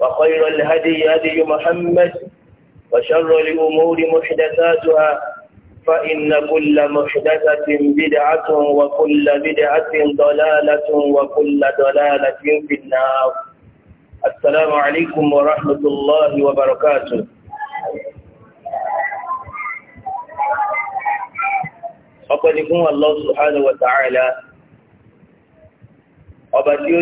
وخير الهدي هدي محمد وشر الأمور محدثاتها فإن كل محدثة بدعة وكل بدعة ضلالة وكل ضلالة في النار السلام عليكم ورحمة الله وبركاته ọpẹ́nikún الله سبحانه وتعالى ta'ala ọba tí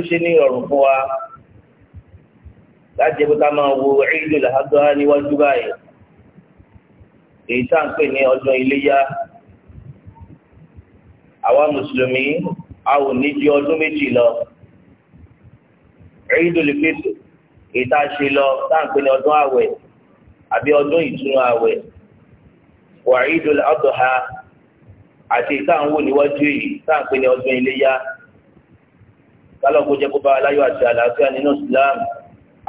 láti ẹgbẹ́ ká máa wo Eidul Adha níwájú báyìí èyí tá à ń pè ní iléyá àwa mùsùlùmí a ò ní ju ọdún méjì lọ Eidul Fitr èyí tá a ṣe lọ tá à ń pè ní ọdún àwẹ̀ àbí ọdún ìtúnu àwẹ̀ wà àti èyí tá à ń wò níwájú tá à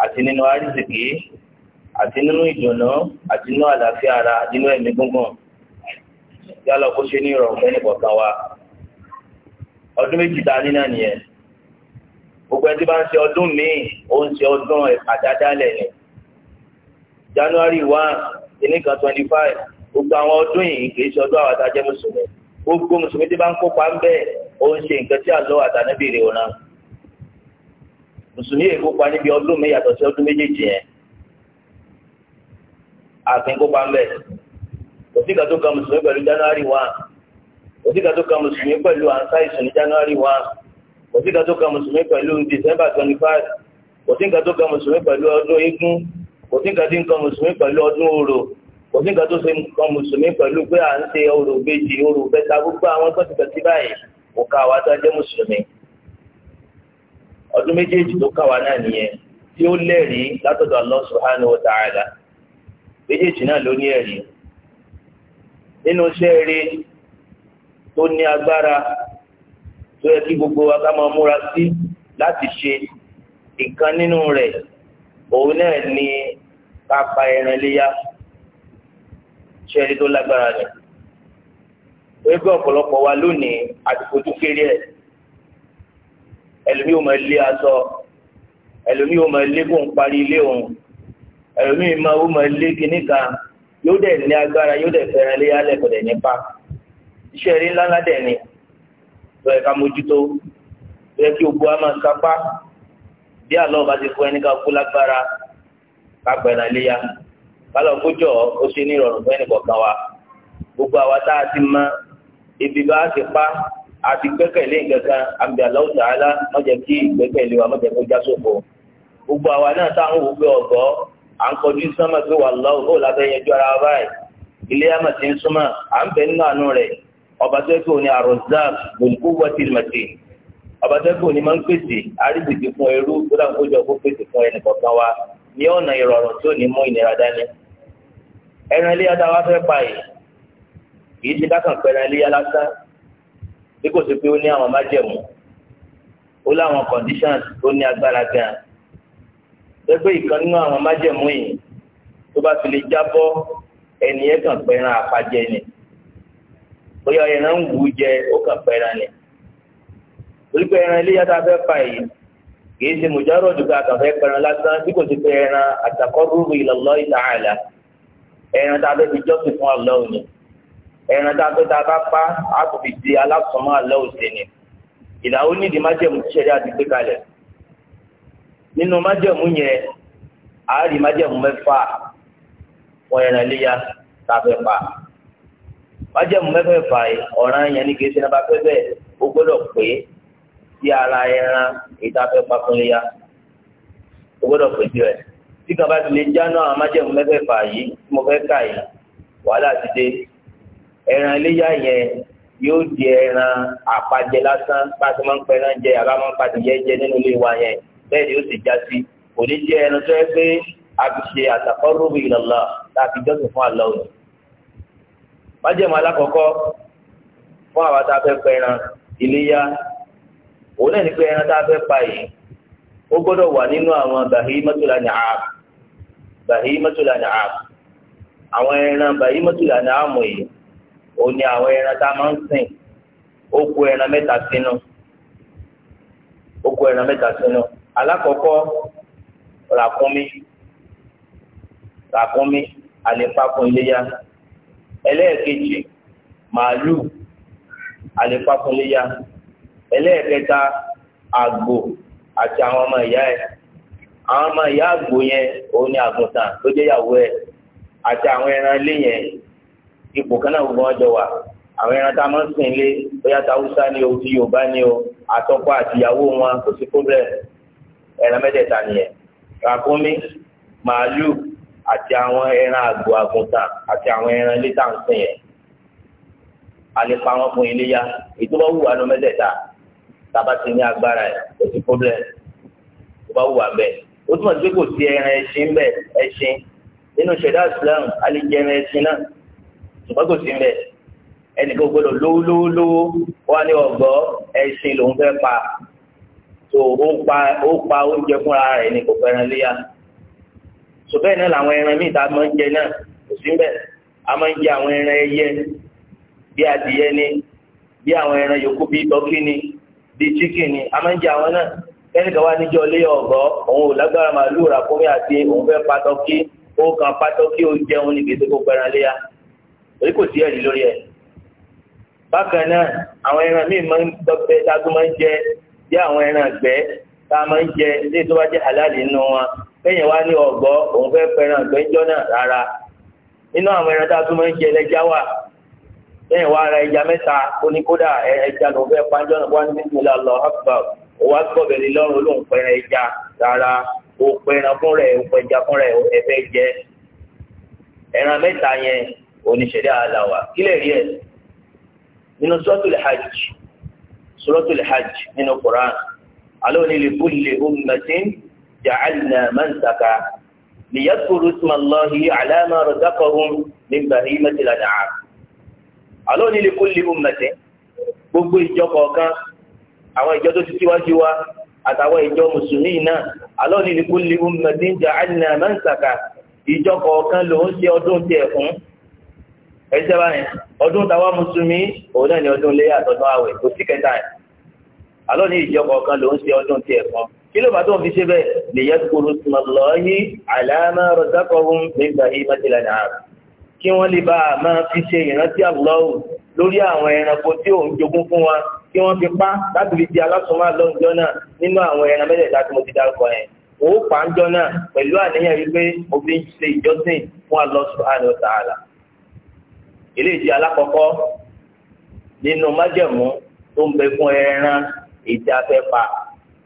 àti nínú àrísìkí àti nínú ìdùnnú àti nínú àlàáfíà ara nínú ẹ̀mí gúngùn yálà kó ṣe ní ìrọ̀rùn fún ìkọ̀kan wa ọdún méjì ta ní náà nìyẹn gbogbo ẹni tí bá ń ṣe ọdún míì ó ń ṣe ọdún àdádálẹ̀ ni January one ìníkan twenty five gbogbo àwọn ọdún yìí kì í ṣe ọdún àwọn àtàjẹ́ mùsùlùmí gbogbo mùsùlùmí tí bá ń kópa ń bẹ́ẹ̀ ó ń ṣe nǹkan tí àlọ́ àtàníbìrì òun náà mùsùlùmí yìí kópa níbi ọdún mi yàtọ̀ sí ọdún méjèèjì yẹn àfin kópa ń bẹ̀ kò sí ìkàtó kan mùsùlùmí pẹ̀lú january one kò sí ìkàtó kan mùsùlùmí pẹ̀lú ansa ìsùn ní january one kò sí ìkàtó kan mùsùlùmí pẹ̀lú december twenty five kò sí ìkàtó kan mùsùlùmí pẹ̀lú ọdún eégún kò sí ìkàtó kan mùsùlùmí pẹ̀lú ọdún orò kò sí nǹkan tó ṣe nǹkan mùsùlùmí pẹ̀lú pé à ń ṣe orò ìbejì orò ìbẹ́ta gbogbo àwọn tó ti tẹ̀sí báyìí kò ká àwa tó jẹ́ mùsùlùmí ọdún méjèèjì tó kà wá náà nìyẹn tí ó lẹ́rìí látọ̀dọ̀ Allah subhanahu wa ta'ala méjèèjì náà ló ní ẹ̀rí nínú iṣẹ́ rẹ̀ tó ní agbára tó yẹ kí gbogbo wa ká máa múra sí láti ṣe ìkan nínú rẹ̀ òun náà ni ká ẹran léyà iṣẹ́ rẹ̀ tó lágbára rẹ̀ pé bí ọ̀pọ̀lọpọ̀ wa lónìí àti fojú kéré ẹ̀ ẹlòmíì ò máa lé aṣọ ẹlòmíì ò máa lé kó ń parí ilé òun ẹlòmíì máa ó máa lé kinní kan yóò dẹ̀ ní agbára yóò dẹ̀ fẹ́ràn lé yálẹ̀ kò nípa iṣẹ́ rí ńlá ńlá dẹ̀ ni lọ ẹ̀ka mójútó lọ ẹ kí ogbó a máa kápá bí àlọ́ bá ti fún ẹni ká kú lágbára ká pẹ̀lú àléyá kálọ̀ kójọ́ ó ṣe ní ìrọ̀rùn fún ẹnìkọ̀ọ̀kan wa gbogbo àwa tá a ti mọ ibi bá a ti pa àti gbẹ́kẹ̀lé alá mọ̀jẹ̀ kí gbẹ́kẹ̀lé wa mọ̀jẹ̀ kó já sófo gbogbo àwa náà ọ̀gọ́ à ń kọjú sánmà pé wà lọ́wọ́ ó lábẹ́ ara báyìí ilé àmà ti ń súnmọ́ à ń bẹ nínú àánú rẹ̀ ọba tó kò ní àròzá gbòǹkú ọba tó kò ní máa ń pèsè fún tó dà kó jọ kó bí kò sí pé ó ní àwọn májẹ̀mú ó láwọn conditions tó ní agbára gan gbẹgbẹ ìkan nínú àwọn májẹ̀mú yìí tó bá fi lè jábọ́ ẹnìyẹn kàn pẹran àpàjẹ ni bóyá ẹran ń wù ú jẹ ó kàn pẹran ni torí pé ẹran ilé yàtọ̀ afẹ́ pa yìí kìí ṣe mùjárò dùgbà àtàfẹ́ pẹran lásán bí kò sí pé ẹran àtàkọ́rùrù ila Allah ta'ala ẹran tá a fẹ́ fi jọ́sìn fún Allah ni ẹran tá a tó tá a bá pa á kò fi di alásùnmọ́ àlọ́ òsè ni ìdáwó nídìí májẹ̀mú ṣẹlẹ̀ àti gbé kalẹ̀ nínú májẹ̀mú yẹn àárí májẹ̀mú mẹ́fà wọ́n ẹran léya tá a fẹ́ pa májẹ̀mú mẹ́fẹ̀ẹ̀fà yìí ọ̀ràn yẹn ní kí ẹsẹ̀ náà bá fẹ́ bẹ́ẹ̀ ó gbọ́dọ̀ pé sí ara ẹran ìtafẹ́ pakunléya o gbọ́dọ̀ pèsè rẹ̀ tí kan bá ti lè jáná àwọn májẹ̀mú mẹ́fẹ̀ẹ̀fà yìí tí mo fẹ́ kà yìí wàhálà ti dé ẹran iléyà yẹn yóò di ẹran àpajẹ lásán bá a máa ń pẹ ẹran jẹ àbá máa ń yẹn jẹ nínú ilé wa yẹn bẹ́ẹ̀ ni ó sì já sí kò ní jẹ ẹran tó yẹ pé a fi ṣe àtàkọ́rùbù ìlọ́lá tá a fi jọ́sìn fún àlọ́ májèmọ́ alákọ̀ọ́kọ́ fún àwa tá a fẹ́ pẹ ẹran iléyà òun náà ní pé ẹran tá a fẹ́ pa yìí ó gbọ́dọ̀ wà òun ni àwọn ẹran tá a máa ń sìn ó kó ẹran mẹ́ta sínú ó kó ẹran mẹ́ta sínú alákọ̀ọ́kọ́ ràkúnmí ràkúnmí àlefákun iléyá ẹlẹ́ẹ̀kejì màálù àlefákun iléyá ẹlẹ́ẹ̀kẹta àgbò àti àwọn ọmọ ìyá ẹ̀ àwọn ọmọ ìyá àgbò yẹn òun àgùntàn tó jẹ́ ìyàwó ẹ̀ àti àwọn ẹran ilé yẹn ipò kan náà gbogbo wọn jọ wà àwọn ẹran tá a máa ń sìn lé bóyá ta haúsá ni o ti yorùbá ni o àtọkọ àtìyàwó wọn kò sí problem ẹran mẹ́tẹ̀ẹ̀ta nìyẹn ràkúnmí màálù àti àwọn ẹran àgbò àgùntàn àti àwọn ẹran ilé tá à ń sìn yẹn a wọn fún iléyà ètò bá wù mẹ́tẹ̀ẹ̀ta tàbá ti ní agbára ẹ̀ kò sí problem tó bá wù bẹ́ẹ̀ ó túmọ̀ sí pé kò sí ẹran ẹṣin bẹ́ẹ̀ ẹṣin nínú ṣẹ̀dá Islam a ẹran ẹṣin náà ṣùgbọ́n kò sí mbẹ ẹnì kan gbọ́dọ̀ lówó lówó lówó wọn ní ọgbọ ẹṣin lòún fẹ́ pa tó ó pa ó pa oúnjẹ fúnra rẹ̀ ní kò fẹ́ràn léyà ṣùgbọ́n náà làwọn ẹran míì tá a máa ń jẹ náà kò sí mbẹ a máa ń jẹ àwọn ẹran ẹyẹ bí adìyẹ ni bí àwọn ẹran yòókù bí dọ́kì ni bí chicken ni a máa ń jẹ àwọn náà ẹnì wá níjọ lé ọgọ òun ò lágbára màálù rà àti òun fẹ́ patọ́kì ó kan patọ́kì ó jẹun níbi tó kó fẹ́ràn léyà torí kò sí ẹ̀rí lórí ẹ̀. bákan náà àwọn ẹran míì máa ń gbọ́gbẹ́ dágún máa ń jẹ jẹ́ àwọn ẹran àgbẹ̀ tá a máa ń jẹ lé tó bá jẹ́ halali nínú wọn lẹ́yìn wá ní ọ̀gbọ́ òun fẹ́ fẹ́ràn àgbẹ̀ jọ́ náà rárá nínú àwọn ẹran tá a tún máa ń jẹ lẹ́jà wà lẹ́yìn wá ara ẹja mẹ́ta oníkódà ẹja ló fẹ́ panjọ́ náà wá ní bísímilà lọ àkùbà òwò àgbọ̀bẹ̀lẹ̀ lọ́rùn olóhùn pẹ̀rẹ̀ ẹja rárá òpẹ̀rẹ̀ fúnra ẹ̀ òpẹ̀jà fúnra ẹ̀ oníṣẹ̀dá aláwa kílẹ̀ rí ẹ̀ nínú suratul hajj suratul hajj nínú Qur'an alẹ́ òní li kulli ummatin ja'alna mansaka liyadkuru isma Allahi ala ma razaqahum min bahimatil an'am alẹ́ òní li kulli ummatin gbogbo ìjọ kọ̀ọ̀kan àwọn ìjọ tó ti síwájú wa àtàwọn ìjọ mùsùlùmí náà alẹ́ òní li kulli ummatin ja'alna mansaka ìjọ kọ̀ọ̀kan ló ń ṣe ọdún tiẹ̀ fún ẹjẹ báyìí ọdún tàwa mùsùlùmí òun náà ni ọdún léyà àtọdún àwẹ̀ kò sí kẹta ẹ alọ ní ìjọba ọ̀kan ló ń ṣe ọdún tiẹ̀ kan kí ló bá tó ń fi ṣe bẹ́ẹ̀ lè yẹ kúrú sùmọlọyí àlàámà rọdákọrùn nígbà yìí mọtìlá náà kí wọn lè bá a máa fi ṣe ìrántí àbúlọ́wù lórí àwọn ẹranko tí òun jogún fún wa kí wọ́n fi pa láti fi di alásùnmọ́ àlọ́njọ́ náà nínú àwọn ẹran mẹ́tẹ̀ẹ̀ta tí mo ti dárúkọ yẹn òun pàǹjọ náà pẹ̀lú àníyàn wípé òfin ṣe ìjọsìn fún Allah subhanahu wa ta'ala eléyìí alákọ̀ọ́kọ́ nínú májẹ̀mú tó ń bẹ fún ẹran ètí afẹ́fà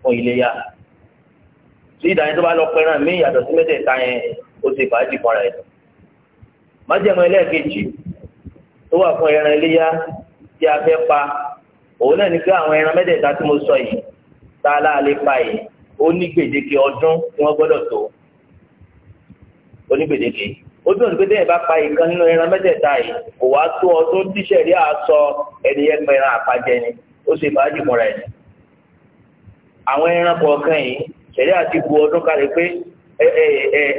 fún iléyà tí ìdáyẹn tó bá lọ pẹ́ràn mí yàtọ̀ sí mẹ́tẹ̀ẹ̀ta yẹn ó ti fàájì fúnra ẹ̀ májẹ̀mú ẹlẹ́ẹ̀kejì tó wà fún ẹran iléyà tí afẹ́fà òun náà ní pé àwọn ẹran mẹ́tẹ̀ẹ̀ta tí mo sọ yìí tá a láàlẹ́ pa yìí ó ní gbèdéke ọdún tí wọ́n gbọ́dọ̀ tó ó ní gbèdéke yìí ó tún ní pé tẹ́yìn bá pa ìkan nínú ẹran mẹ́tẹ̀ẹ̀ta yìí kò wá tó ọ tó tíṣẹ̀ rí àṣọ àpàjẹ ni ó ṣe ìbájú fúnra ẹ̀ àwọn ẹran kọ̀ọ̀kan yìí ṣẹ̀rí àti bu ọdún kalẹ̀ pé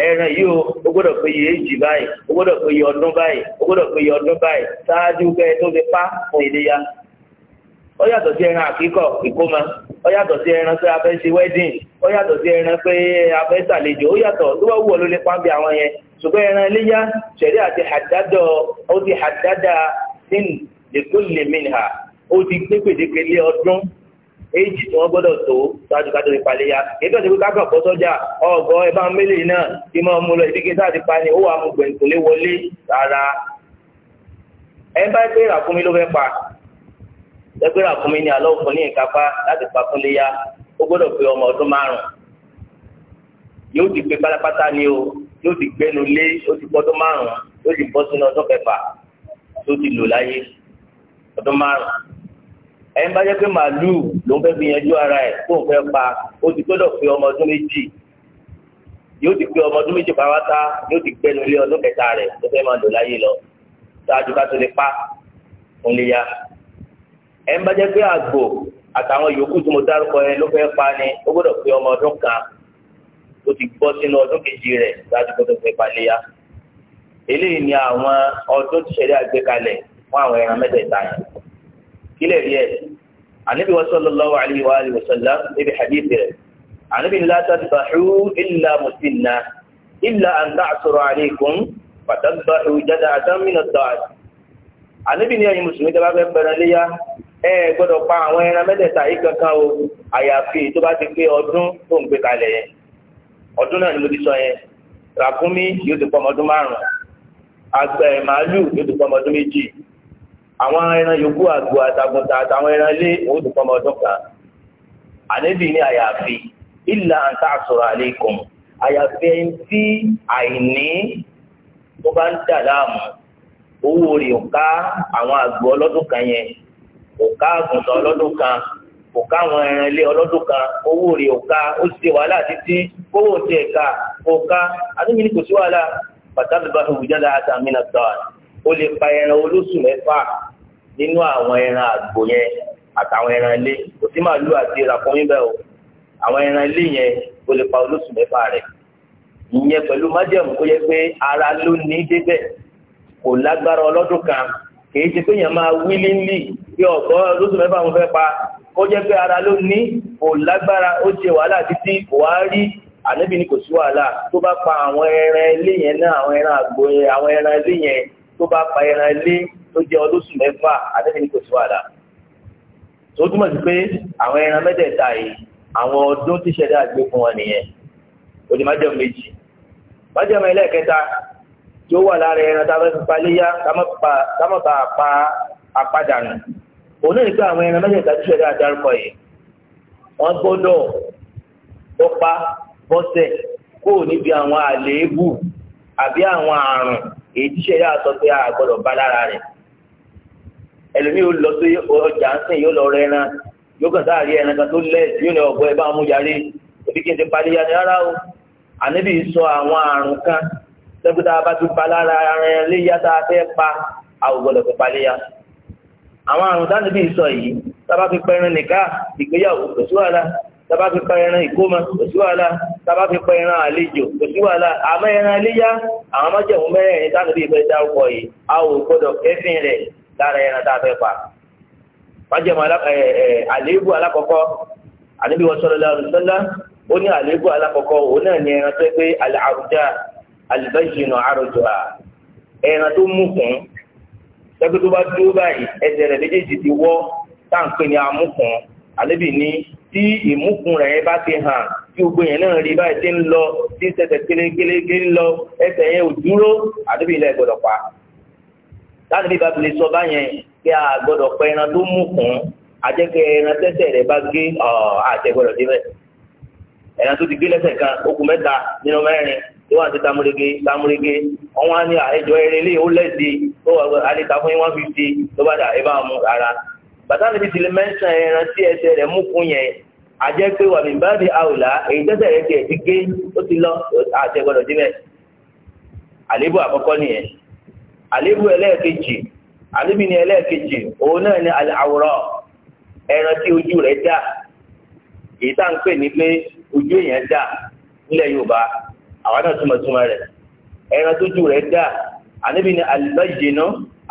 ẹran yìí o ó gbọ́dọ̀ pé iye èjì báyìí ó gbọ́dọ̀ pé iye ọdún báyìí ó gbọ́dọ̀ pé iye ọdún báyìí pa fún iléyá ó yàtọ̀ sí ẹran àkíkọ̀ ìkómọ ó yàtọ̀ sí ẹran pé a wedding ó yàtọ̀ sí ẹran pé a fẹ́ ṣàlejò ó yàtọ̀ tó bá wù ọ́ ló ṣùgbọ́n ẹran iléyá ṣẹ̀rí àti àdádọ́ ó ti àdádá sin lèkólè mìnà ó ti gbé gbèdéke lé ọdún èjì tí wọ́n gbọ́dọ̀ tó ṣáájú ká tó fi paléyà ètò ìdíkú ká kàn fọ́ sọ́jà ọ̀gọ́ ẹ bá ń mélè náà kí máa mú lọ ìdíkẹ́ sáà ti pa ni ó wà mú gbẹ̀ǹkùnlé wọlé rárá ẹ bá gbé ràkúnmí ló fẹ́ pa ẹ gbé ràkúnmí ni àlọ́ òfin ní ìkápá láti pa fúnléyà ó gbọ́dọ̀ pé ọmọ ọdún márùn yóò ti gbé pátápátá ni o yóò ti gbẹnu lé yóò ti bọ́dún márùn-ún yóò ti bọ́ sínú ọdún kẹfà tó ti lò láyé ọdún márùn-ún. ẹ̀yin bá jẹ́ pé màálùú ló ń fẹ́ fi yanjú ara ẹ̀ tó ń fẹ́ pa ó ti gbọ́dọ̀ pé ọmọ ọdún méjì yóò ti pé ọmọ ọdún méjì pàápàá yóò ti gbẹnu lé ọdún kẹta rẹ̀ tó fẹ́ máa lò láyé lọ ṣáájú ká tó lè pa òun lè ya. ẹ̀yin bá jẹ́ pé àgbò àtàwọn yòókù tí mo dárúkọ yẹn ló fẹ́ pa ni ó gbọ́dọ̀ pé ọmọ ọdún kan ó ti gbọ́ sínú ọdún kejì rẹ̀ láti kó tó fi paléyà eléyìí ni àwọn ọdún tí ṣẹlẹ̀ àgbékalẹ̀ fún àwọn ẹran mẹ́tẹ̀ẹ̀ta yẹn kílẹ̀ rí ẹ̀ ànábì sallallahu alaihi wa alihi wa sallam níbi hadith rẹ̀ ànábì la tadbahu illa musinna illa an ta'sura alaykum fatadbahu jada'atan min ad-da'i ànábì ni ẹ̀yin mùsùlùmí tó bá fẹ́ pẹ̀rẹ̀ léyà ẹ gbọ́dọ̀ pa àwọn ẹran mẹ́tẹ̀ẹ̀ta yìí kankan o àyàfi tó bá ti pé ọdún tó ń gbé kalẹ̀ yẹn ọdún náà ni mo ti sọ yẹn ràkúnmí yóò ti pọ̀ ọmọ ọdún márùn àgbẹ̀ màálù yóò ti pọ̀ ọmọ ọdún méjì àwọn ẹran yòókù àgbò àtàgùntà àtàwọn ẹran ilé wọn ó ti pọ̀ ọmọ ọdún kan ànẹ́bì ní àyàfi ìlà àǹtà àsọ̀rọ̀ àlékún àyàfi ẹni tí àìní tó bá ń dà láàmú owó rẹ̀ ò àwọn àgbò ọlọ́dún kan yẹn ò àgùntàn ọlọ́dún kan kò ká àwọn ẹran ilé ọlọ́dún kan owó rẹ̀ ò ká ó ti ṣe wàhálà títí owó ti ẹ̀ka kò ká àdúgbò ní kò sí wàhálà pàtàkì bá fi wùjáde àtàmì náà ó lè pa ẹran olóṣù mẹ́fà nínú àwọn ẹran àgbò yẹn àtàwọn ẹran ilé kò sí màálù àti ìràkúnmí o àwọn ẹran ilé yẹn ó lè pa olóṣù mẹ́fà rẹ̀ ìyẹn pẹ̀lú májẹ̀mú kó yẹ pé ara ló ní débẹ̀ kò lágbára ọlọ́dún kan kì í ṣe pé yẹn máa wílíńlì bí ọ̀gọ́ olóṣù mẹ́fà mo fẹ́ pa kó jẹ́ pé ara ló ní kò lágbára ó ṣe wàhálà títí kò wá rí ànábì ní kò sí wàhálà tó bá pa àwọn ẹran ilé yẹn náà àwọn ẹran àgbo yẹn àwọn ẹran ilé yẹn tó bá pa ẹran ilé tó jẹ́ olóṣù mẹ́fà ànábì ní kò sí wàhálà. tó túmọ̀ sí pé àwọn ẹran mẹ́tẹ̀ẹ̀ta yìí àwọn ọdún tí ṣẹ̀dá àgbé fún wọn nìyẹn òdì májẹ̀mú méjì májẹ̀mú ẹlẹ́ẹ̀kẹta tí ó wà lára ẹran tá òun náà ní pé àwọn ẹran mẹ́tẹ̀ẹ̀ta tó ṣẹ̀dá dárúkọ yìí wọ́n gbọ́dọ̀ bọ́pá bọ́sẹ̀ kó o níbi àwọn àléébù àbí àwọn àrùn èyí tí ṣẹ̀dá sọ pé a gbọ́dọ̀ bá lára rẹ̀ ẹlòmíì yóò lọ sí ọjà ń sìn yóò lọ rẹ ẹran yóò kàn sáà rí ẹran kan tó lẹ̀ yóò ní ọ̀gbọ́n ẹ bá mú yarí ebi kí n ti parí yarí rárá o ànábì sọ àwọn àrùn kan sẹ́kúta bá ti pa ara ẹ̀ léyà tá a fẹ́ pa àwògbọ́dọ̀ fi parí yarí àwọn àrùn dáni bí sọ yìí tábà fi pẹran nìká ìgbéyàwó kò sí wàhálà tábà fi pẹran ìkómọ kò sí wàhálà tábà fi pẹran àlejò kò sí wàhálà àmọ́ ẹran iléyá àwọn májèmú mẹ́rin dáni bí ìfẹ́ dárúkọ yìí a ò gbọ́dọ̀ kẹfìn rẹ̀ lára ẹran tá a fẹ́ pa àléébù alákọ̀ọ́kọ́ wọn sọ̀rọ̀ ó ní àléébù alákọ̀ọ́kọ́ tẹ́gbẹ́ tó bá dúró báyìí ẹsẹ̀ rẹ̀ méjèèjì ti wọ́ táǹpé ni amúkùn àlébi ní tí ìmúkùn rẹ̀ bá ti hàn tí gbogbo yẹn náà rí báyìí ti ń lọ tí sẹsẹ̀ kélékélé ń lọ ẹsẹ̀ yẹn ò dúró àlébi ilẹ̀ gbọ́dọ̀ pa láti bí babilẹ̀ sọ báyẹn kí a gbọ́dọ̀ pẹ́ ẹran tó múkùn àjẹkẹ́ ẹran tẹ́sẹ̀ rẹ̀ bá gé àtẹ̀gbọ́dọ̀ débẹ̀ ẹran tó ti gé lẹ́sẹ̀ kan okùn mẹ́ta nínú mẹ́rin yóò wá sí tamurege tamurege wọn wá ní àìjọ eré ilé ó lẹ́sí ó wà alẹ́ta fún one fifty ló bá dà mú rárá bàtà níbi tí lè mẹ́sàn ẹran tí ẹsẹ̀ rẹ̀ mú fún yẹn àjẹ́ pé wàmí àwòlá èyí lọ àti àlébù àkọ́kọ́ nìyẹn àlébù ẹlẹ́ẹ̀kejì àlébù ni ẹlẹ́ẹ̀kejì òun náà ni àwòrán ẹran tí àwọn náà túmọ̀ túmọ̀ rẹ̀ ẹran tójú rẹ̀ dá àníbi ni àlùbáyé náà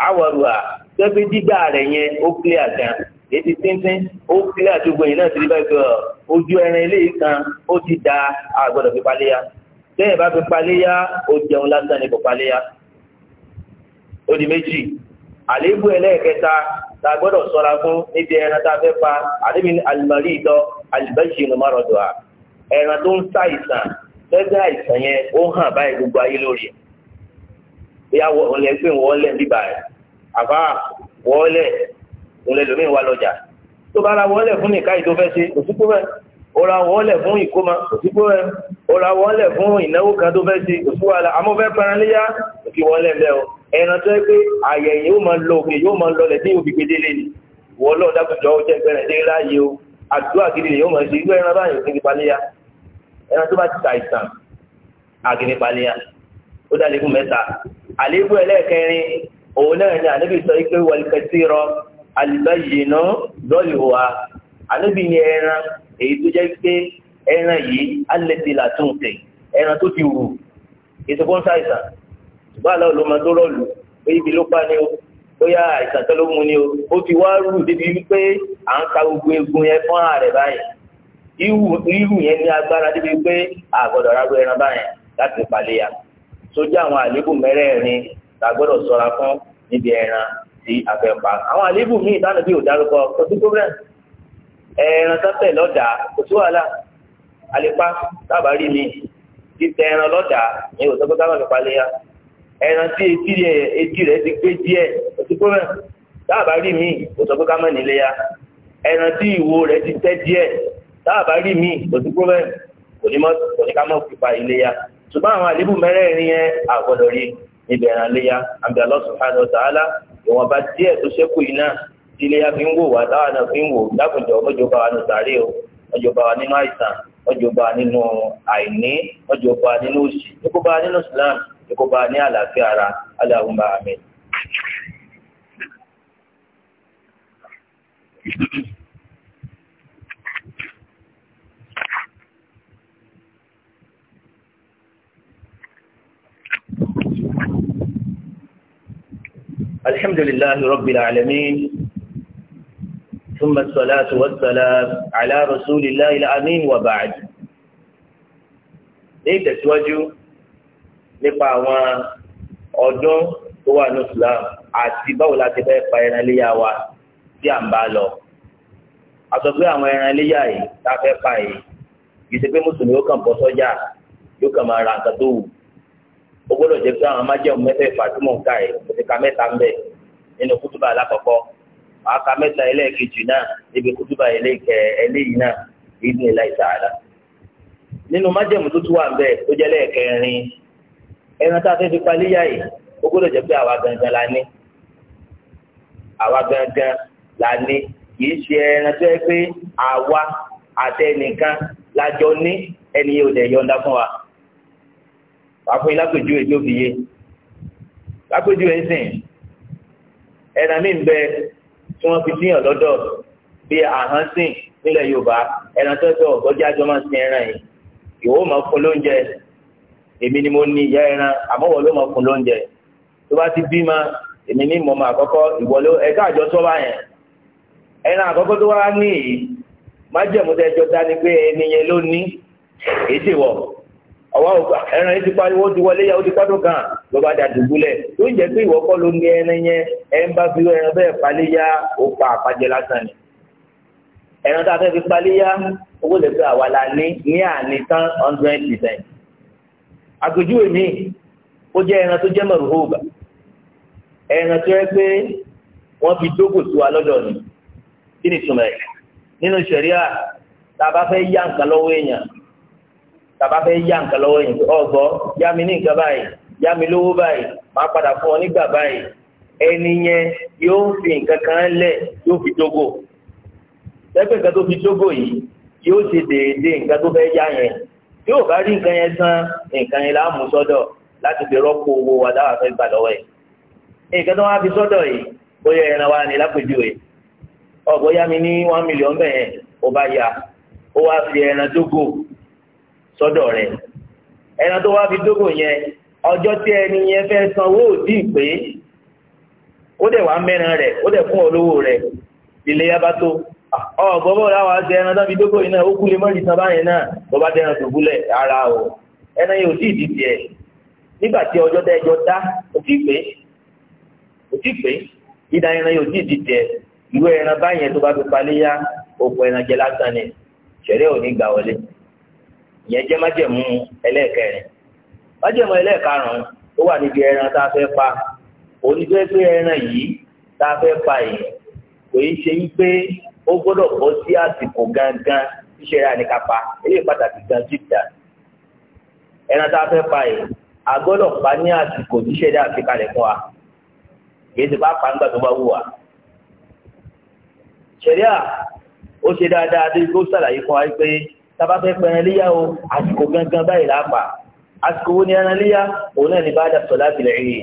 àwọ̀rùwà tẹ́fẹ́ dígbà rẹ̀ yẹn ó clear gan èyí tíntín ó clear àdúgbò yìí náà ti rí báyìí pé ojú ẹran eléyìí kan ó ti da àgbọ̀dọ̀ fi paléyà bẹ́ẹ̀ bá fi paléyà ó jẹun lásán ní kò paléyà ó di méjì àléébù ẹlẹ́ẹ̀kẹta ta gbọ́dọ̀ sọ́ra fún níbi ẹran tá a fẹ́ pa àdébí alimari ìtọ́ alibẹ́sì lọ́jọ́ àìsàn yẹn ó hàn báyìí gbogbo ayé lórí ẹ̀ bóyá wọlé pé wọlé bíbà rẹ̀ àbá wọlé òun lè lómi wà lọ́jà tó bá ra wọlé fún nìka yìí tó fẹ́ ṣe kò sí pé bẹ́ẹ̀ ó ra wọlé fún ìkómà kò sí pé bẹ́ẹ̀ ó ra wọlé fún ìnáwó kan tó fẹ́ ṣe kò sí wàhálà àmọ́ fẹ́ pẹran léyà kò sí wọlé bẹ́ẹ̀ o ẹran tó yẹ pé àyẹ̀ yóò máa lọ òkè yóò máa lọlẹ̀ dé òbí gbedele ni wọlé ọ̀dàkùnjọ́ jẹ́ pẹ̀rẹ̀ dé láàyè o àdúrà gidi ni yóò máa ṣe irú ẹran báyìí ò ẹran tó bá ti ṣàìsàn àgìnípaléyà ó dá lẹ́kùn mẹ́ta àléébù ẹlẹ́ẹ̀kẹrin òun náà ni ànábì sọ pé wọlìkẹtì rọ àlùbáyìnà lọ́yọ̀wá ànábì ni ẹran èyí tó jẹ́ pé ẹran yìí alẹ́tì làtúntè ẹran tó ti wù ètò kó ń ṣàìsàn ṣùgbọ́n àlọ́ ló máa tó rọ̀lù pé ibi ló pa ni o bóyá àìsàn tó ló mú ni o ó ti wá rú débi wípé à ń ka gbogbo egun yẹn fún ààrẹ báyìí irú yẹn ní agbára débi pé àgọ́dọ̀ rábọ̀ ẹran báyẹn láti paléyà sójú àwọn àlébù mẹ́rẹ̀ẹ̀rin làgbọ́dọ̀ sọra fún níbi ẹran tí a fẹ́ pa àwọn àlébù míì dáná bí ò dárúkọ kò sí problem ẹran sáfẹ̀ lọ́dà kò wàhálà àlepa tábàárí mi títẹ ẹran lọ́dà ní òsọ pé káwọn fi paléyà ẹran tí etí rẹ̀ ti pé díẹ̀ kò sí problem tábàárí mi òsọ pé káwọn níléyà ẹran tí ìwo rẹ̀ ti tẹ́ díẹ̀ táàbá rí mi kò sí problem kò ní ká mọ̀ fipá iléyà ṣùgbọ́n àwọn àlébù mẹ́rẹ̀ẹ̀rin yẹn àgbọ̀dọ̀ rí níbi ẹ̀ràn iléyà àbí Allah subhanahu wa ta'ala ìwọ̀nba díẹ̀ tó ṣẹ́kù yìí náà tí iléyà fi ń wò wá táwa náà fi ń wò dákùnjọ mọ́jọ bá wa nù sàárè o mọ́jọ bá wa nínú àìsàn mọ́jọ bá wa nínú àìní mọ́jọ bá wa nínú òṣì ikú bá wa nínú Islam ikú bá wa ní àlàáfíà ara Allahumma amin. الحمد لله رب العالمين ثم الصلاة والسلام على رسول الله الأمين وبعد ní ìtẹ̀síwájú nípa àwọn ọdún tó wà ní Islam àti báwo la ti fẹ́ pa ẹran iléyà wa tí à ń bá lọ. a sọ pé àwọn ẹran iléyà yìí tá a fẹ́ pa yìí kì í ṣe pé mùsùlùmí ó kàn bọ́ sọ́jà yóò kàn máa ra nǹkan tó wù ó gbọ́dọ̀ jẹ́ pé àwọn májẹ̀mú mẹ́fẹ̀ẹ̀fà tí mò ń kà yìí mo ti ka mẹ́ta ń bẹ̀ nínú kútùbà alákọ̀ọ́kọ́ màá ka mẹ́ta ẹlẹ́ẹ̀kejì náà níbi kútùbà ẹlẹ́yìí náà ìdílé láìsà àdá nínú májẹ̀mú tó tún wà ń bẹ̀ tó jẹ́ lẹ́ẹ̀kẹrin ẹran tá a fẹ́ fi paléyà yìí ó gbọ́dọ̀ pé àwa gangan la ní àwa gangan la ní kì ṣe ẹran tó yẹ pé àwa àtẹnìkan lájọ ní ẹni yóò dẹ̀ yọ̀ǹda fún wa. wàá fún yín lápèjúwe tó fi yé lápèjúwe ń ẹ̀dá mi ń bẹ tí wọ́n fi díyàn lọ́dọ̀ bí àhán nílẹ̀ Yorùbá tó jọ máa sin ẹran yìí máa fún ni mo ní ìyá ẹran àmọ́wọ́ ló máa fún lóúnjẹ tó bá ti èmi ní mọ̀mọ́ àkọ́kọ́ ẹ̀ka àjọ bá yẹn ẹran àkọ́kọ́ tó wá ní yìí májẹ̀mú tẹ́jọ́ dání pé àwa ògbà ẹran yìí ti parí wọ́n ti wọlé yà ó ti pádùn kan lọ́ba dàdúgbúlẹ̀ tó ń jẹ́ pé ìwọ kọ́ ló ń gé ẹran yẹn ẹ ń bá fi ẹran bẹ́ẹ̀ palẹ́ yá ó pa àpàjẹ lásán ni ẹran tá a fẹ́ fi palẹ́ yá owó lè fẹ́ àwa la ní ní àní tán hundred percent àpèjúwe mi ó jẹ́ ẹran tó jẹ́ mọ̀rùhóògbà ẹran tó yẹ pé wọ́n fi dógò sí wa lọ́dọ̀ ni kí ni túmọ̀ ẹ̀ nínú ṣẹ̀ríà tá a bá fẹ́ yá nǹkan lọ́wọ́ èèyàn tàbá fẹ́ yá nǹkan lọ́wọ́ yìí pé ọ̀gbọ́ yá mi ní nǹkan báyìí yá mi lówó báyìí máa padà fún ọ nígbà báyìí ẹni yẹn yóò fi nǹkan kan lẹ̀ yóò fi dógò lẹ́gbẹ̀ẹ́ nǹkan tó fi dógò yìí yóò ṣe déédéé nǹkan tó fẹ́ yá yẹn tí yóò bá rí nǹkan yẹn san nǹkan yẹn láàmú sọ́dọ̀ láti fi rọ́pò owó wa dáwà fẹ́ gbà lọ́wọ́ ẹ̀ nǹkan tó wá fi sọ́dọ̀ yìí bóyá ẹran wa ni lápèjúwe ọ̀gbọ́n yá mi ní one million bẹ́ẹ̀ ó bá yá ó wá fi ẹran dógò sọ́dọ̀ rẹ̀ ẹran tó wá fi dógò yẹn ọjọ́ tí ẹni yẹn fẹ́ owó òdì pé ó dẹ̀ wá mẹ́ran rẹ̀ ó dẹ̀ fún olówó rẹ̀ lílé tó ẹran tó fi dógò náà ó kú mọ́ báyẹn náà tó bá tó gúnlẹ̀ ara o ẹran yẹn ò tí ì di tiẹ̀ nígbà tí ọjọ́ tẹ́ ẹjọ́ dá pé pé ìdá ẹran yóò tí ì di tiẹ̀ ìwé ẹran báyẹn tó bá fi òpó ẹran lásán ní gbà ìyẹn jẹ́ májẹ̀mú ẹlẹ́ẹ̀kẹrin májẹ̀mú ẹlẹ́ẹ̀karùn-ún ó wà níbi ẹran tá a fẹ́ pa onígbẹ́gbẹ́ ẹran yìí tá a fẹ́ pa yìí kò í ṣe pé ó gbọdọ bọ́ sí àsìkò gangan ṣíṣe ra ní kápá eléyìí pàtàkì gan jìdá ẹran tá a fẹ́ pa yìí agbọdọ gbọ́dọ̀ pa ní àsìkò ṣíṣe dá àti kalẹ̀ fún wa kìí ti bá pa nígbà tó bá wù wá. à ó ṣe dáadáa dé kó sàlàyé fún wa pé tábà fẹ́ pẹ̀rẹ̀ léyà o àsìkò gangan báyìí lápá àsìkò wo ni ẹran léyà òun náà ní bá dà sọ láti rẹ̀ yìí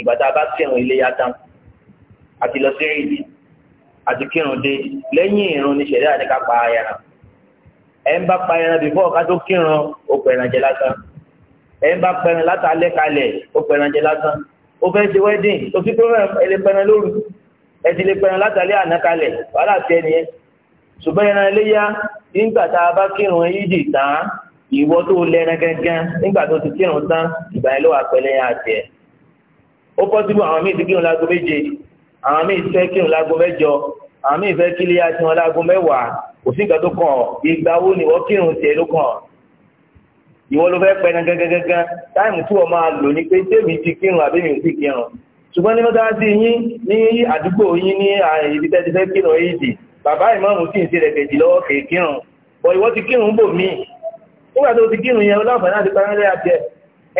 ìgbà tá a bá kírun iléyà tán àti lọ sí ìdí àti kírun dé lẹ́yìn ìrun ní ṣẹ̀dá ní ká pa ẹran ẹ̀ ń bá pa ẹran bífọ́ ká tó kírun ó pẹ̀rẹ̀ jẹ lásán ẹ̀ ń bá pẹ̀rẹ̀ látàlẹ́ kalẹ̀ ó pẹ̀rẹ̀ jẹ lásán ó fẹ́ ṣe wẹ́dìn tó fi pé ẹlẹ́pẹ̀rẹ̀ nígbà tá a bá kírun yídì tán ìwọ tó lẹ́ran gángan nígbà tó ti kírun tán ìgbà yẹn ló wà pẹ̀lẹ́ yẹn àti ẹ̀. ó kọ́ síbú àwọn míì ti kírun láago méje àwọn míì fẹ́ kírun láago mẹ́jọ àwọn míì fẹ́ kílí àti wọn láago mẹ́wàá kò sí nǹkan tó kàn ìgbà wo ni wọ́n kírun tiẹ̀ ló kàn ìwọ ló fẹ́ pẹ́ gángan táìmù tí wọ́n máa lò ní pé tèmi ti kírun àbí mi ò ti kírun ṣùgbọ́n ní mọ́tàlásí yín ní àdúgbò yín ní ibi tẹ́ ti fẹ́ kírun èyí bàbá ìmáàmù sì ń ṣe rẹ̀kẹ̀jì lọ́wọ́ kèé kírun bọ̀ ìwọ ti kírun bò míì nígbà tó ti kírun yẹn ọlọ́fàá náà ti parí lẹ́yà jẹ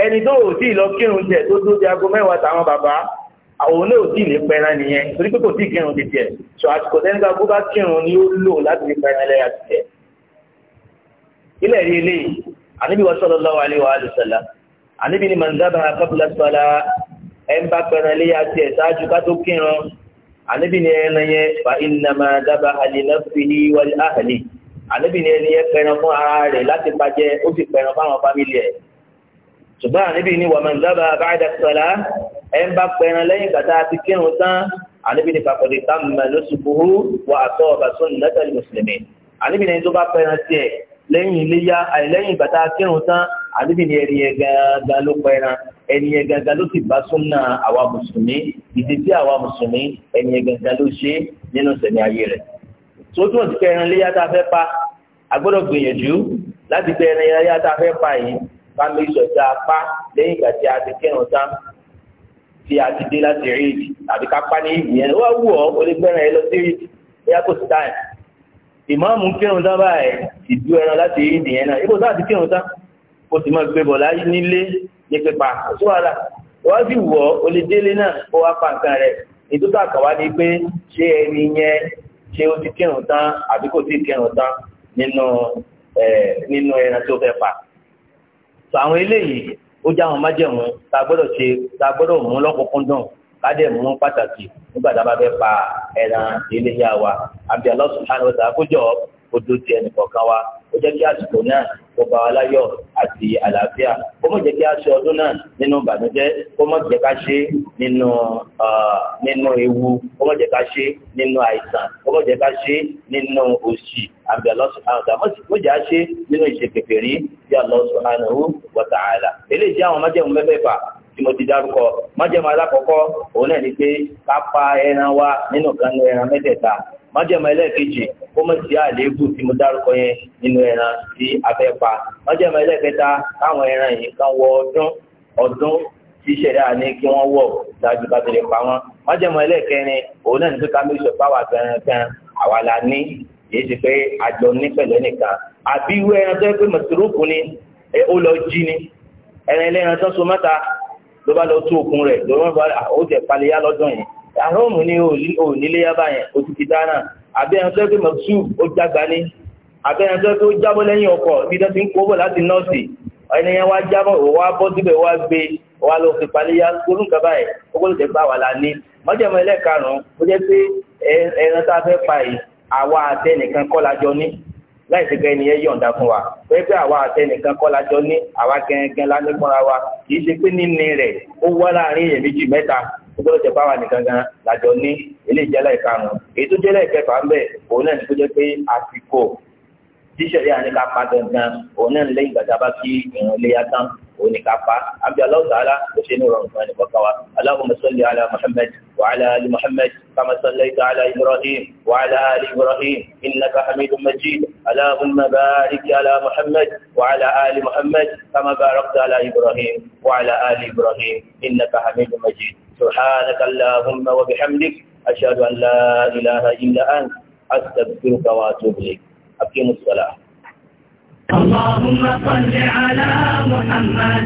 ẹni tó ò tí ì lọ kírun jẹ tó tó di aago mẹ́wàá tàwọn bàbá àwọn náà ò tí ì lè pẹran nìyẹn torí pé kò tí ì kírun ti tiẹ̀ sọ àsìkò tẹ́ni ká bó bá kírun ni ó lò láti fi pẹran lẹ́yà ti tiẹ̀. ilẹ̀ rí eléyìí àníbi wa sallallahu alaihi wa sallam àníbi ni màǹdàbà kábùlà sọ́lá ẹ̀ ń bá pẹran lẹ́yà tiẹ̀ ká tó kírun ànábì ni ẹran yẹn fa iná máa dábàá àlìlá fìlí wọlé àhàlì ànábì ni ẹni yẹn pẹran fún ara rẹ̀ láti pàjẹ́ ó sì pẹran fáwọn fámìlì ẹ̀ ṣùgbọ́n ànábì ni wàmọ̀ ńlábà báyìí sọ̀lá ẹ̀ ń bá pẹran lẹ́yìn kàtà àti kírun tán ànábì ni fàkọ̀dé lóṣù buhu wà àtọ̀ ọ̀bà sún mùsùlùmí ànábì tó bá pẹran tiẹ̀ lẹ́yìn iléyá àìlẹ́yìn ìgbà tá a kírun tán àdébì ni ẹni yẹn gangan ló pa ẹran ẹni yẹn gangan ló sì bá súnà àwa mùsùlùmí ìdíjí àwa mùsùlùmí ẹni yẹn gangan ló ṣe nínú sẹ̀mí ayé rẹ̀. tó tún ti kẹrin iléyá tá a fẹ́ pa a gbọ́dọ̀ gbìyànjú láti gbé ẹran iléyá tá a fẹ́ pa yìí fámi ìṣọ̀tà pa lẹ́yìn ìgbà tí a ti kírun tán tí a ti dé láti rí ìdí àbí ká pa ní ìdí yẹn wọ́n wù ọ́ ìmáàmù kírun tán báyìí ìdú ẹran láti ìdìyẹn náà ibò sáà ti kírun tán kò sì máa gbé bọ̀lá nílé ní pípa sí wàhálà wọ́n sì wọ̀ o lè délé náà ó wá pa nǹkan rẹ̀ ìdúgbò àkàwá ni pé ṣé ẹni yẹn ṣé ó ti kírun tán àbí kò ti kírun tán nínú nínú ẹran tó fẹ́ pa. sọ àwọn eléyìí ó já àwọn májẹ̀mú tá a gbọ́dọ̀ ṣe tá a gbọ́dọ̀ mú lọ́kùnkúndùn kádẹ mú pàtàkì nígbà tá a bá fẹ́ pa ẹran iléyà wa àbí Allah subhanahu wa ta'ala àkójọ odò tiẹ̀ nìkọ̀ọ̀kan wa ó jẹ́ kí àsìkò náà kó bá wa láyọ̀ àti àlàáfíà ó mọ̀ jẹ́ kí a ṣe ọdún náà nínú ìbànújẹ́ ó mọ̀ jẹ́ ká ṣe nínú nínú ewu ó mọ̀ jẹ́ ká ṣe nínú àìsàn ó mọ̀ jẹ́ ká ṣe nínú òṣì àbí Allah subhanahu wa ta'ala ó jẹ́ á ṣe nínú ìṣèkèkèrí bí Allah subhanahu wa ta'ala tí mo ti dárúkọ májẹ̀mú alákọ̀ọ́kọ́ òun náà ni pé ká pa ẹran wa nínú kan nínú ẹran mẹ́tẹ̀ẹ̀ta májẹ̀mú ẹlẹ́ẹ̀kejì kó mọ̀ sí àléébù tí mo dárúkọ yẹn nínú ẹran tí a fẹ́ pa májẹ̀mú ẹlẹ́ẹ̀kẹta káwọn ẹran yìí kan wọ ọdún ọdún tí ìṣẹ̀dá ní kí wọ́n wọ̀ dájú ká tó lè pa wọ́n májẹ̀mú ẹlẹ́ẹ̀kẹrin òun náà ni pé ká méjì pàwà gan-an àwa la ní èyí ti pé àjọ ní pẹ̀lẹ́ nìkan àbí irú tó yẹ pé mọ̀tòrókù ni ó lọ jí ni ẹran tó so mọ́ta tó bá lọ tó òkun rẹ̀ lọ́wọ́ bá ó jẹ́ palẹ̀yà lọ́dún yìí àrùn ni ò níléyà báyẹn ó ti fi dáná àbí ẹni tó ń pè mọ̀sù ó jágba ní àbí ẹni tó ń pè ó jábọ́ lẹ́yìn ọkọ̀ ibi tó ti ń kó bọ̀ láti nọ́ọ̀sì ẹni yẹn wá jábọ̀ wá bọ́ síbẹ̀ wá gbé wá lọ fi palẹ̀yà gbólú nǹkan báyìí ó gbọ́dọ̀ tẹ̀ bá wà lání mọ́jẹ̀mọ́ ẹlẹ́karùn-ún ó jẹ́ pé ẹran fẹ́ pa àwa àtẹnìkan kọ́ ní láì sí pé ẹnìyẹn yọ̀ǹda fún wa pé pé àwa àtẹnìkan kọ́ lájọ ní àwa gẹ́gẹ́ lánìí fúnra wa kì í ṣe pé níní rẹ̀ ó wá láàrin èèyàn méjì mẹ́ta gbọ́dọ̀ jẹ́ báwa nìkan gan lájọ ní ilé ìjẹ́lẹ̀ ìkarùn-ún èyí tó jẹ́lẹ̀ ìkẹfà ń bẹ̀ òun náà ní kó jẹ́ pé àsìkò tíṣẹ̀lẹ̀ àníkà pa gangan òun náà lẹ́yìn gbàdábá kí ìrìn ilé yá tán وني كافا عبد الله تعالى وشين ورا عثمان بكوا اللهم صل على محمد وعلى ال محمد كما صليت على ابراهيم وعلى ال ابراهيم انك حميد مجيد اللهم بارك على محمد وعلى ال محمد كما باركت على ابراهيم وعلى ال ابراهيم انك حميد مجيد سبحانك اللهم وبحمدك اشهد ان لا اله الا انت استغفرك واتوب اليك اقيم الصلاه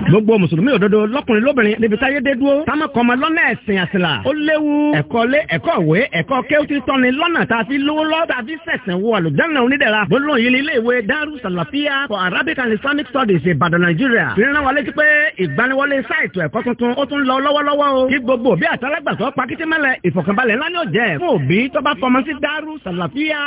gbogbo mùsùlùmí òdodo lọkùnrin lóbìnrin níbi táyé dé dúró táwọn kan máa lọ́nà ẹ̀sìn àṣìlá ó léwu ẹ̀kọ́ lé ẹ̀kọ́ ìwé ẹ̀kọ́ kéwùtì tọ́ni lọ́nà tá a fi lówó lọ́ tá a fi sẹ̀sìn wọ àlùjáná onídẹ̀ra gbólóhùn yìí ní ilé ìwé Darus Salafia for Arabic and Islamic Studies Ìbàdàn Nàìjíríà fi rán wa létí pé ìgbaniwọlé sáìtù ẹ̀kọ́ tuntun ó tún lọ lọ́wọ́lọ́wọ́ o kí gbogbo òbí àtàlágbàtọ́ pakitimẹ́lẹ̀ ìfọ̀kànbalẹ̀ ńlá ni ó jẹ́ fún òbí tó bá fọmọ sí Darus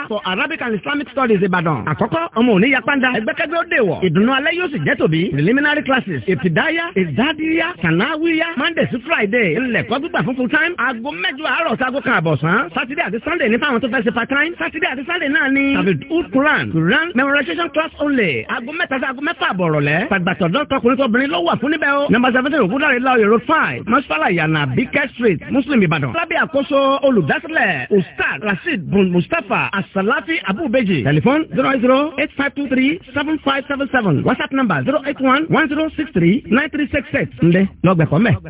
for Arabic and Islamic Studies Ìbàdàn àkọ́kọ́ ọmọ òní yapanda ẹgbẹ́kẹ́ dúró dè wọ̀. ìdùnnú alẹ́ yóò sì jẹ́ tòbí. preliminary classes ìtìdáyà ìdádíyà kànáwíyà monday sí friday ńlẹ̀kọ́ gbígbà fún full time. aago mẹ́jọ àárọ̀ sago kan àbọ̀sán. saturday àti sunday ní fáwọn tó fẹ́ ṣe part time. saturday àti sunday náà ni. david hood quran quran memorization class only. aago mẹ́ta sí aago mẹ́fà àbọ̀rọ̀lẹ́. tàgbàtọ̀dọ́ tọkùnrin tóbìnrin ló wà fún níbẹ̀ o. number seventeen ògúndàrí road five masfala yana bikẹ́ street muslim ìbàdàn. lábẹ́ àkóso olùdásílẹ̀ ustaz rasheed bun mustapha asalafi abubeji. tẹlifon zero zero eight five two three seven 7577 WhatsApp number 081 1063 9368 ǹdẹ́ lọ́gbẹ̀kọ́ mẹ́.